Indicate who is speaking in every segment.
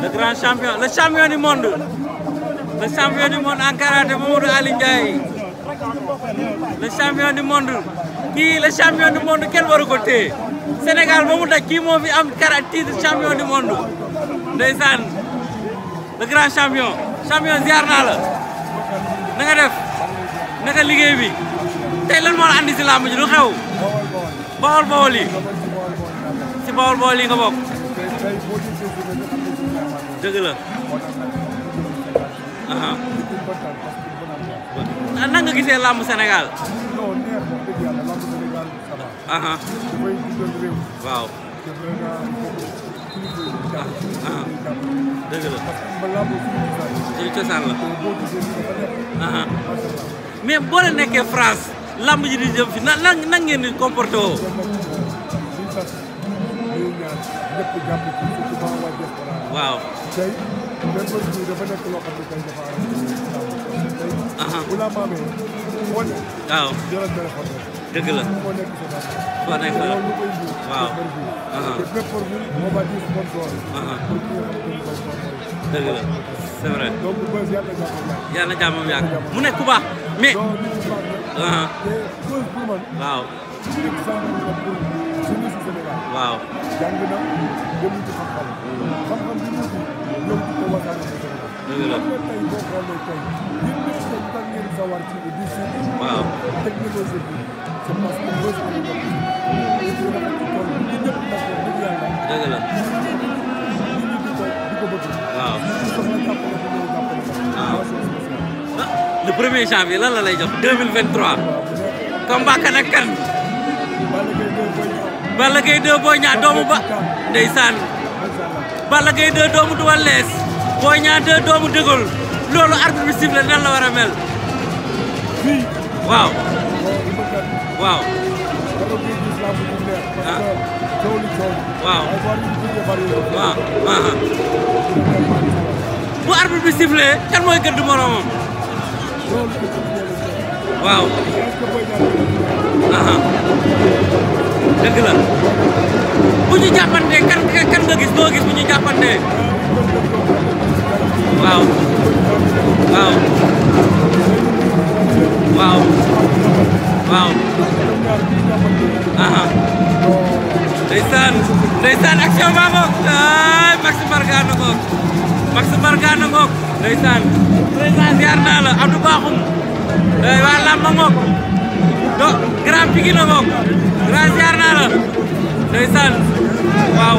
Speaker 1: le grand champion le champion du monde le champion du monde en karaté Mamadou Ali Ndiaye le champion du monde kii le champion du monde kenn waru ko téye mu daj kii moo fi am kara titre champion du monde ndeysaan le grand champion champion ziar naa la na nga def naka liggéey bi tey la andi si làmb ji lu xew bawol bawol yi bawol bawol nga bokk dëgg gitu
Speaker 2: nan nga gisee nggak
Speaker 1: Sénégal non Senegal, aha dafay dundal réew waaw dëgg la suñu cosaan mais France ji di jëm fi nan ngeen Wow. Wow. même Wow. dafa nekk Wow. Uh-huh. for Wow. Wow. Wow. Wow. Wow. Wow. Wow. Wow. Wow. Wow. Wow. xam-xam bi ñu la le premier janvier lan la lay jox 2023. combat kan ak kan. Balla doomu ba ndeysaan balagay de doomu du walles bo Niang de doomu Dégol lolu arbitre bi sible nan la war wow mel wow, waaw waaw ah. wow, wow, bu arbitre bi kan mooy gëdd moroomam waaw wow, ah. Dagelan. Bunyi japan deh, kan kan bagis bagis bunyi japan deh. Wow. Wow. Wow. Wow. Aha. Desan, Desan action mamok. Ay, Max Margano kok. Max Margano kok. Desan. Desan diarna lah, Abdou bakum. Ay, wala mamok. do grand pigi na moom grand ziar naa la ndeysaan waaw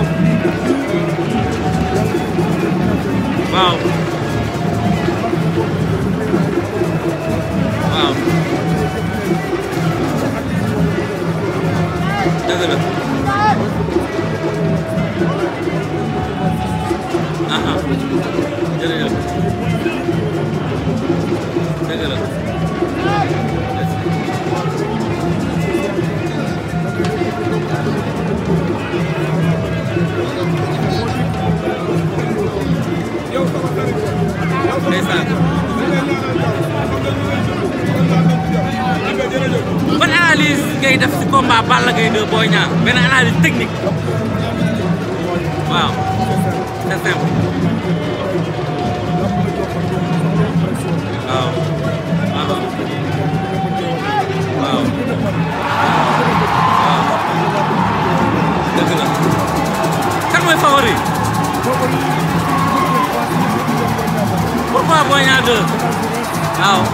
Speaker 1: Alagaydı boyuna. Ben herhalde teknik. Wow. Sesem. Wow. Wow. Wow. Dëgg la. Kan mooy favori? Pourquoi Boy Niang 2? Waaw.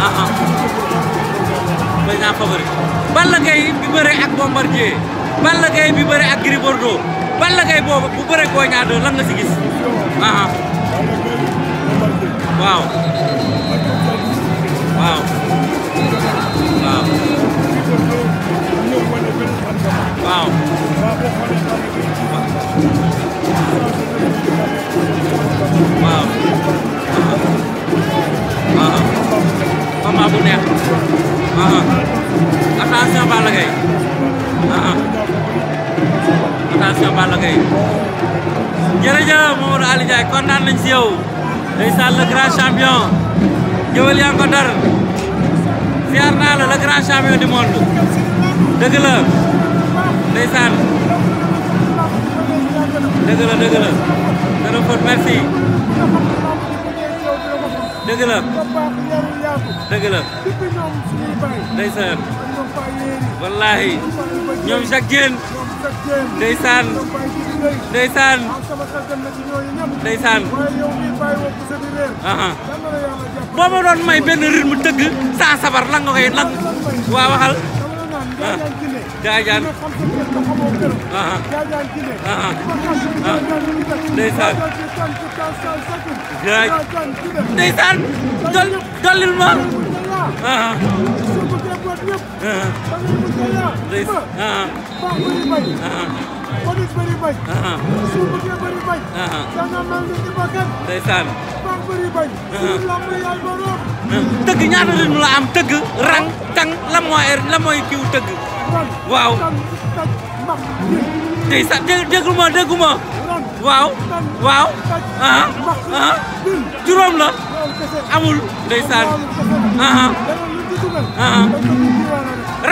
Speaker 1: Ah président favori Balla Gaye bi bëre ak Bombardier Balla Gaye bi bëre ak Gris Bordeaux Balla Gaye boobu bu bëre Boy lan nga si gis waaw Gueye jërëjëf Mamadou Aly Ndiaye kontaan nañ si yow ndeysaan grand champion jëwal yaa ko siyaar naa la grand champion du monde dëgg la wallaahi ñoom Jacques Daisan Daisan Daisan Bobo ma doon may rir mu deug sa sabar lan nga lang wa waxal jaajaan ndeysaan jaaj ndeysaan dol police uh-huh. uh-huh. tëgg ñaata rythme la am tëgg rang tang la mooy er, la mooy kiw tëgg. waaw. ndeysaan déggu ma déggu waaw. waaw. Uh-huh. juróom la. amul ndeysaan.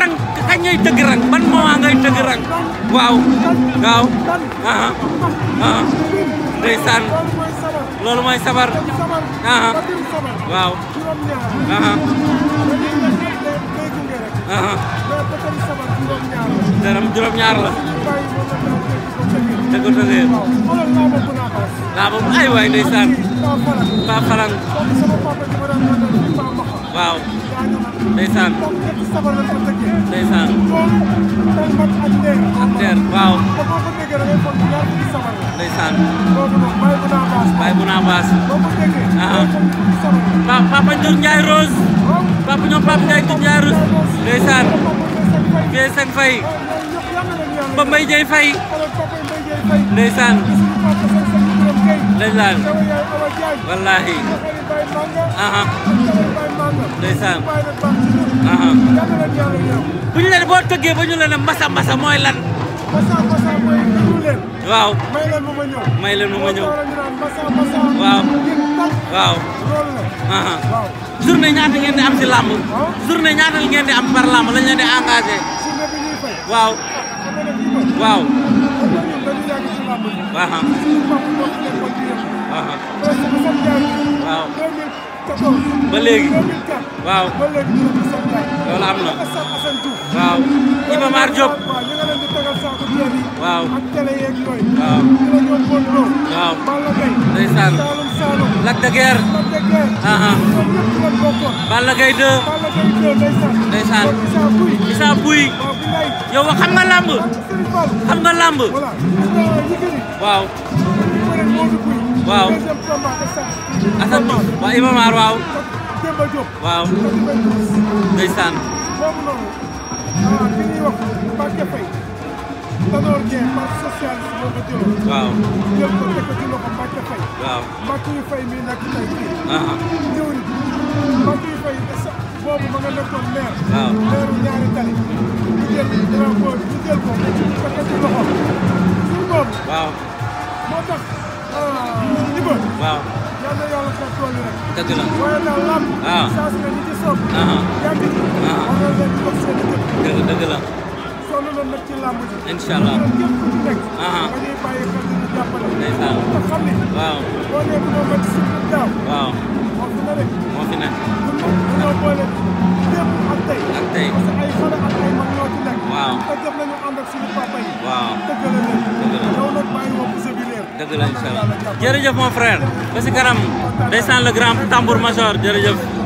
Speaker 1: rang. tëgg rek ban mau angai tëgg wow waaw waaw ah ah Desan lalu mooy sabar ah wow ah ah dalam mu juróom-ñaar la dëgg-dëgg laa Pape Xalang waaw ndeysaan ndeysaan ak teer waaw ndeysaan baay bu naa baas aa papa papa Ndour Ndiaye Rose papa ñoom papa Ndiaye Ndour Ndiaye Rose ndeysaan bie seng fay ba Mbaye Dieye Faye ndeysaan ndeysaan wallaahi aha ndeysaan aha bu ñu leen boo tëggee ba ñu leen a masa masa mooy lan waaw may leen mu ma ñëw waaw waaw aha journée ñaata ngeen di am si làmb journée ñaata ngeen di am par làmb lañ leen di engagé waaw waaw aha waaw ba léegi waaw loolu am na waaw Iba Mar Diop waaw waaw waaw ndeysaan Lac de Guiers aha ah. Balla Gaye 2 ndeysaan Issa Pouye yow xam nga làmb xam nga làmb waaw waaw Assane Diouf waaw Iba Mar waaw waaw ndeysaan waaw jël ko waaw Mbacke Faye waaw waaw waaw. yàlla yàlla fekk tool yi rek. dëgg la waaye daal lam. waaw saa su ne nit yi soog. yàgg ci. waaw war na leen bokk seen i dëgg dëgg la. sonn na nag ci làmb ji. incha allah képp ku ci nekk. dañuy bàyyi xel di jàppale. ndeysaan te xam ne. waaw boo nee mënoo mën si daaw. waaw. dëgg la incha allah jërëjëf mon frère ba si kanam ndeysaan le grand tambour major jërëjëf